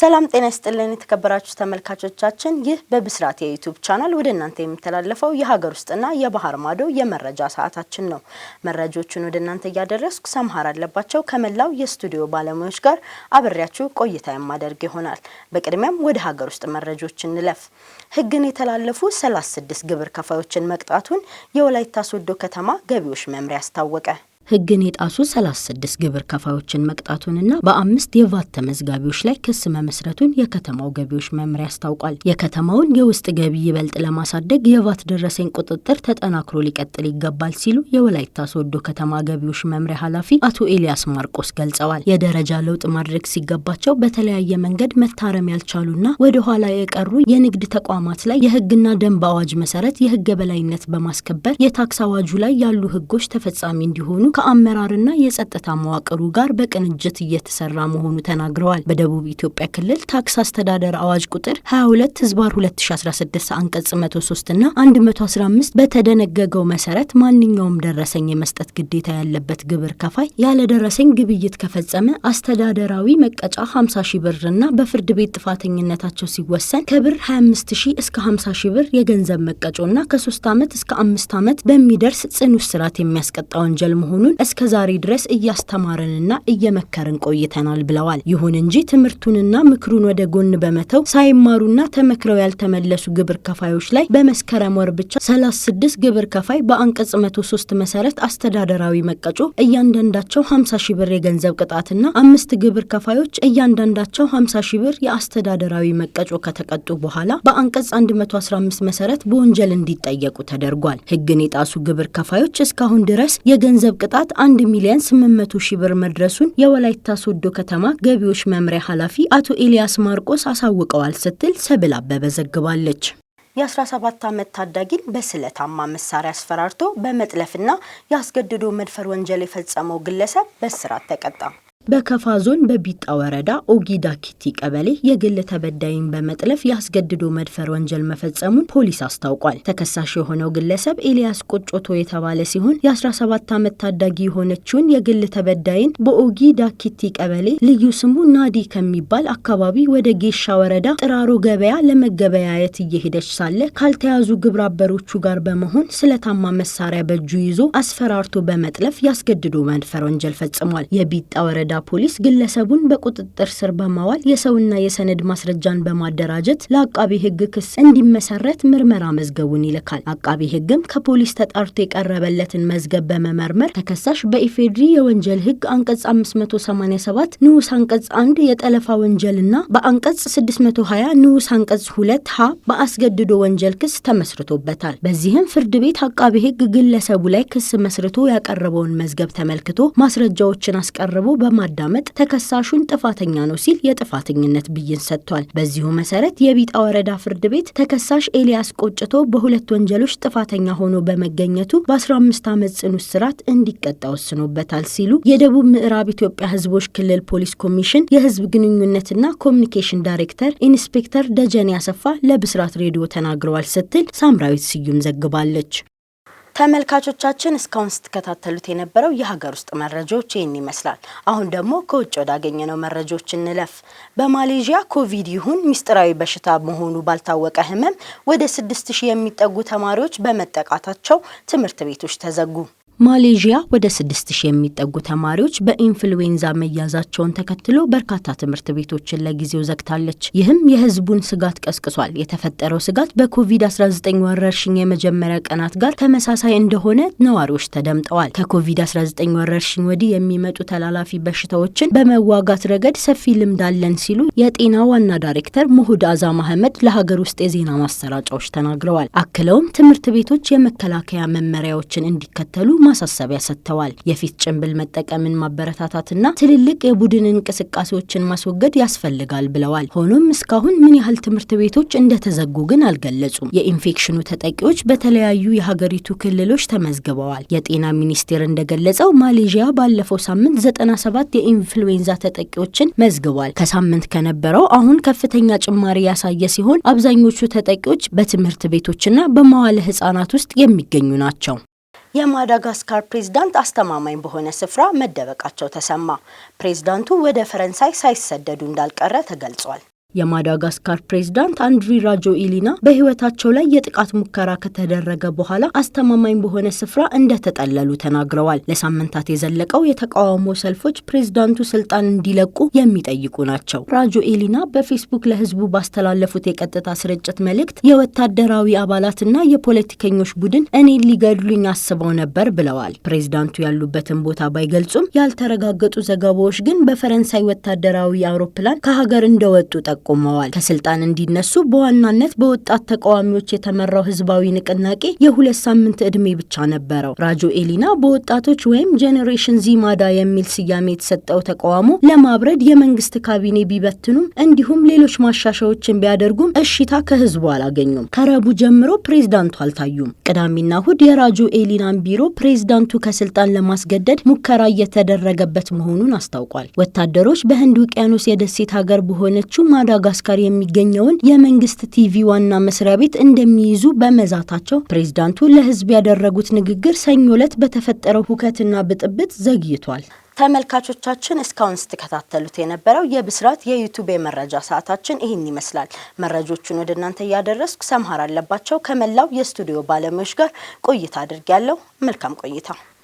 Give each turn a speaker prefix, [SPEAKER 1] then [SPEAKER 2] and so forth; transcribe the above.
[SPEAKER 1] ሰላም ጤና ይስጥልን የተከበራችሁ ተመልካቾቻችን፣ ይህ በብስራት የዩቱብ ቻናል ወደ እናንተ የሚተላለፈው የሀገር ውስጥና የባህር ማዶ የመረጃ ሰዓታችን ነው። መረጃዎቹን ወደ እናንተ እያደረስኩ ሰምሀር አለባቸው ከመላው የስቱዲዮ ባለሙያዎች ጋር አብሬያችሁ ቆይታ የማደርግ ይሆናል። በቅድሚያም ወደ ሀገር ውስጥ መረጃዎች እንለፍ። ህግን የተላለፉ 36 ግብር ከፋዮችን መቅጣቱን የወላይታ ሶዶ ከተማ ገቢዎች መምሪያ አስታወቀ። ህግን የጣሱ 36 ግብር ከፋዮችን መቅጣቱንና በአምስት የቫት ተመዝጋቢዎች ላይ ክስ መመስረቱን የከተማው ገቢዎች መምሪያ አስታውቋል። የከተማውን የውስጥ ገቢ ይበልጥ ለማሳደግ የቫት ደረሰኝ ቁጥጥር ተጠናክሮ ሊቀጥል ይገባል ሲሉ የወላይታ ሶዶ ከተማ ገቢዎች መምሪያ ኃላፊ አቶ ኤልያስ ማርቆስ ገልጸዋል። የደረጃ ለውጥ ማድረግ ሲገባቸው በተለያየ መንገድ መታረም ያልቻሉና ወደ ኋላ የቀሩ የንግድ ተቋማት ላይ የህግና ደንብ አዋጅ መሰረት የህግ የበላይነት በማስከበር የታክስ አዋጁ ላይ ያሉ ህጎች ተፈጻሚ እንዲሆኑ ከአመራርና የጸጥታ መዋቅሩ ጋር በቅንጅት እየተሰራ መሆኑ ተናግረዋል። በደቡብ ኢትዮጵያ ክልል ታክስ አስተዳደር አዋጅ ቁጥር 22 ህዝባር 2016 አንቀጽ 103 እና 115 በተደነገገው መሰረት ማንኛውም ደረሰኝ የመስጠት ግዴታ ያለበት ግብር ከፋይ ያለ ደረሰኝ ግብይት ከፈጸመ አስተዳደራዊ መቀጫ 50 ሺህ ብር እና በፍርድ ቤት ጥፋተኝነታቸው ሲወሰን ከብር 25 ሺ እስከ 50 ሺ ብር የገንዘብ መቀጮና ከ3 ዓመት እስከ 5 ዓመት በሚደርስ ጽኑ እስራት የሚያስቀጣ ወንጀል መሆኑን መሆኑን እስከ ዛሬ ድረስ እያስተማረንና እየመከርን ቆይተናል ብለዋል። ይሁን እንጂ ትምህርቱንና ምክሩን ወደ ጎን በመተው ሳይማሩና ተመክረው ያልተመለሱ ግብር ከፋዮች ላይ በመስከረም ወር ብቻ 36 ግብር ከፋይ በአንቀጽ 103 መሰረት አስተዳደራዊ መቀጮ እያንዳንዳቸው 50 ሺ ብር የገንዘብ ቅጣትና አምስት ግብር ከፋዮች እያንዳንዳቸው 50 ሺ ብር የአስተዳደራዊ መቀጮ ከተቀጡ በኋላ በአንቀጽ 115 መሰረት በወንጀል እንዲጠየቁ ተደርጓል። ህግን የጣሱ ግብር ከፋዮች እስካሁን ድረስ የገንዘብ ቅጣት ጥቃት አንድ ሚሊዮን ስምንት መቶ ሺህ ብር መድረሱን የወላይታ ሶዶ ከተማ ገቢዎች መምሪያ ኃላፊ አቶ ኤልያስ ማርቆስ አሳውቀዋል ስትል ሰብል አበበ ዘግባለች። የ17 ዓመት ታዳጊን በስለታማ መሳሪያ አስፈራርቶ በመጥለፍና የአስገድዶ መድፈር ወንጀል የፈጸመው ግለሰብ በእስራት ተቀጣ። በከፋ ዞን በቢጣ ወረዳ ኦጊዳ ኪቲ ቀበሌ የግል ተበዳይን በመጥለፍ ያስገድዶ መድፈር ወንጀል መፈጸሙን ፖሊስ አስታውቋል። ተከሳሽ የሆነው ግለሰብ ኤልያስ ቆጮቶ የተባለ ሲሆን የ17 ዓመት ታዳጊ የሆነችውን የግል ተበዳይን በኦጊዳ ኪቲ ቀበሌ ልዩ ስሙ ናዲ ከሚባል አካባቢ ወደ ጌሻ ወረዳ ጥራሮ ገበያ ለመገበያየት እየሄደች ሳለ ካልተያዙ ግብረ አበሮቹ ጋር በመሆን ስለታማ መሳሪያ በእጁ ይዞ አስፈራርቶ በመጥለፍ ያስገድዶ መድፈር ወንጀል ፈጽሟል። የቢጣ ወረዳ የወረዳ ፖሊስ ግለሰቡን በቁጥጥር ስር በማዋል የሰውና የሰነድ ማስረጃን በማደራጀት ለአቃቢ ህግ ክስ እንዲመሰረት ምርመራ መዝገቡን ይልካል። አቃቢ ህግም ከፖሊስ ተጣርቶ የቀረበለትን መዝገብ በመመርመር ተከሳሽ በኢፌድሪ የወንጀል ህግ አንቀጽ 587 ንዑስ አንቀጽ 1 የጠለፋ ወንጀልና በአንቀጽ 620 ንዑስ አንቀጽ 2 ሀ በአስገድዶ ወንጀል ክስ ተመስርቶበታል። በዚህም ፍርድ ቤት አቃቢ ህግ ግለሰቡ ላይ ክስ መስርቶ ያቀረበውን መዝገብ ተመልክቶ ማስረጃዎችን አስቀርቦ በማ በማዳመጥ ተከሳሹን ጥፋተኛ ነው ሲል የጥፋተኝነት ብይን ሰጥቷል። በዚሁ መሰረት የቢጣ ወረዳ ፍርድ ቤት ተከሳሽ ኤልያስ ቆጭቶ በሁለት ወንጀሎች ጥፋተኛ ሆኖ በመገኘቱ በ15 ዓመት ጽኑ እስራት እንዲቀጣ ወስኖበታል ሲሉ የደቡብ ምዕራብ ኢትዮጵያ ህዝቦች ክልል ፖሊስ ኮሚሽን የህዝብ ግንኙነትና ኮሚኒኬሽን ዳይሬክተር ኢንስፔክተር ደጀኔ አሰፋ ለብስራት ሬዲዮ ተናግረዋል ስትል ሳምራዊት ስዩም ዘግባለች። ተመልካቾቻችን እስካሁን ስትከታተሉት የነበረው የሀገር ውስጥ መረጃዎች ይህን ይመስላል። አሁን ደግሞ ከውጭ ወዳገኘነው መረጃዎች እንለፍ። በማሌዥያ ኮቪድ ይሁን ሚስጥራዊ በሽታ መሆኑ ባልታወቀ ህመም ወደ ስድስት ሺህ የሚጠጉ ተማሪዎች በመጠቃታቸው ትምህርት ቤቶች ተዘጉ። ማሌዥያ ወደ 6000 የሚጠጉ ተማሪዎች በኢንፍሉዌንዛ መያዛቸውን ተከትሎ በርካታ ትምህርት ቤቶችን ለጊዜው ዘግታለች። ይህም የህዝቡን ስጋት ቀስቅሷል። የተፈጠረው ስጋት በኮቪድ-19 ወረርሽኝ የመጀመሪያ ቀናት ጋር ተመሳሳይ እንደሆነ ነዋሪዎች ተደምጠዋል። ከኮቪድ-19 ወረርሽኝ ወዲህ የሚመጡ ተላላፊ በሽታዎችን በመዋጋት ረገድ ሰፊ ልምድ አለን ሲሉ የጤና ዋና ዳይሬክተር ሙሁድ አዛ ማህመድ ለሀገር ውስጥ የዜና ማሰራጫዎች ተናግረዋል። አክለውም ትምህርት ቤቶች የመከላከያ መመሪያዎችን እንዲከተሉ ማሳሰቢያ ሰጥተዋል። የፊት ጭንብል መጠቀምን ማበረታታትና ትልልቅ የቡድን እንቅስቃሴዎችን ማስወገድ ያስፈልጋል ብለዋል። ሆኖም እስካሁን ምን ያህል ትምህርት ቤቶች እንደተዘጉ ግን አልገለጹም። የኢንፌክሽኑ ተጠቂዎች በተለያዩ የሀገሪቱ ክልሎች ተመዝግበዋል። የጤና ሚኒስቴር እንደገለጸው ማሌዥያ ባለፈው ሳምንት 97 የኢንፍሉዌንዛ ተጠቂዎችን መዝግቧል። ከሳምንት ከነበረው አሁን ከፍተኛ ጭማሪ ያሳየ ሲሆን አብዛኞቹ ተጠቂዎች በትምህርት ቤቶችና በመዋለ ህጻናት ውስጥ የሚገኙ ናቸው። የማዳጋስካር ፕሬዝዳንት አስተማማኝ በሆነ ስፍራ መደበቃቸው ተሰማ። ፕሬዝዳንቱ ወደ ፈረንሳይ ሳይሰደዱ እንዳልቀረ ተገልጿል። የማዳጋስካር ፕሬዝዳንት አንድሪ ራጆ ኢሊና በሕይወታቸው ላይ የጥቃት ሙከራ ከተደረገ በኋላ አስተማማኝ በሆነ ስፍራ እንደተጠለሉ ተናግረዋል። ለሳምንታት የዘለቀው የተቃውሞ ሰልፎች ፕሬዝዳንቱ ስልጣን እንዲለቁ የሚጠይቁ ናቸው። ራጆ ኢሊና በፌስቡክ ለህዝቡ ባስተላለፉት የቀጥታ ስርጭት መልእክት የወታደራዊ አባላትና የፖለቲከኞች ቡድን እኔን ሊገድሉኝ አስበው ነበር ብለዋል። ፕሬዝዳንቱ ያሉበትን ቦታ ባይገልጹም ያልተረጋገጡ ዘገባዎች ግን በፈረንሳይ ወታደራዊ አውሮፕላን ከሀገር እንደወጡ ጠቅ ጠቁመዋል። ከስልጣን እንዲነሱ በዋናነት በወጣት ተቃዋሚዎች የተመራው ህዝባዊ ንቅናቄ የሁለት ሳምንት ዕድሜ ብቻ ነበረው። ራጆ ኤሊና በወጣቶች ወይም ጄኔሬሽን ዚማዳ የሚል ስያሜ የተሰጠው ተቃውሞ ለማብረድ የመንግስት ካቢኔ ቢበትኑም እንዲሁም ሌሎች ማሻሻዎችን ቢያደርጉም እሽታ ከህዝቡ አላገኙም። ከረቡ ጀምሮ ፕሬዝዳንቱ አልታዩም። ቅዳሜና እሁድ የራጆ ኤሊናን ቢሮ ፕሬዝዳንቱ ከስልጣን ለማስገደድ ሙከራ እየተደረገበት መሆኑን አስታውቋል። ወታደሮች በህንድ ውቅያኖስ የደሴት ሀገር በሆነችው ማዳ ማዳጋስካር የሚገኘውን የመንግስት ቲቪ ዋና መስሪያ ቤት እንደሚይዙ በመዛታቸው ፕሬዝዳንቱ ለህዝብ ያደረጉት ንግግር ሰኞ ዕለት በተፈጠረው ሁከትና ብጥብጥ ዘግይቷል። ተመልካቾቻችን እስካሁን ስትከታተሉት የነበረው የብስራት የዩቱብ የመረጃ ሰዓታችን ይህን ይመስላል። መረጆቹን ወደ እናንተ እያደረስኩ ሰምሀር አለባቸው ከመላው የስቱዲዮ ባለሙያዎች ጋር ቆይታ አድርጊያለሁ። መልካም ቆይታ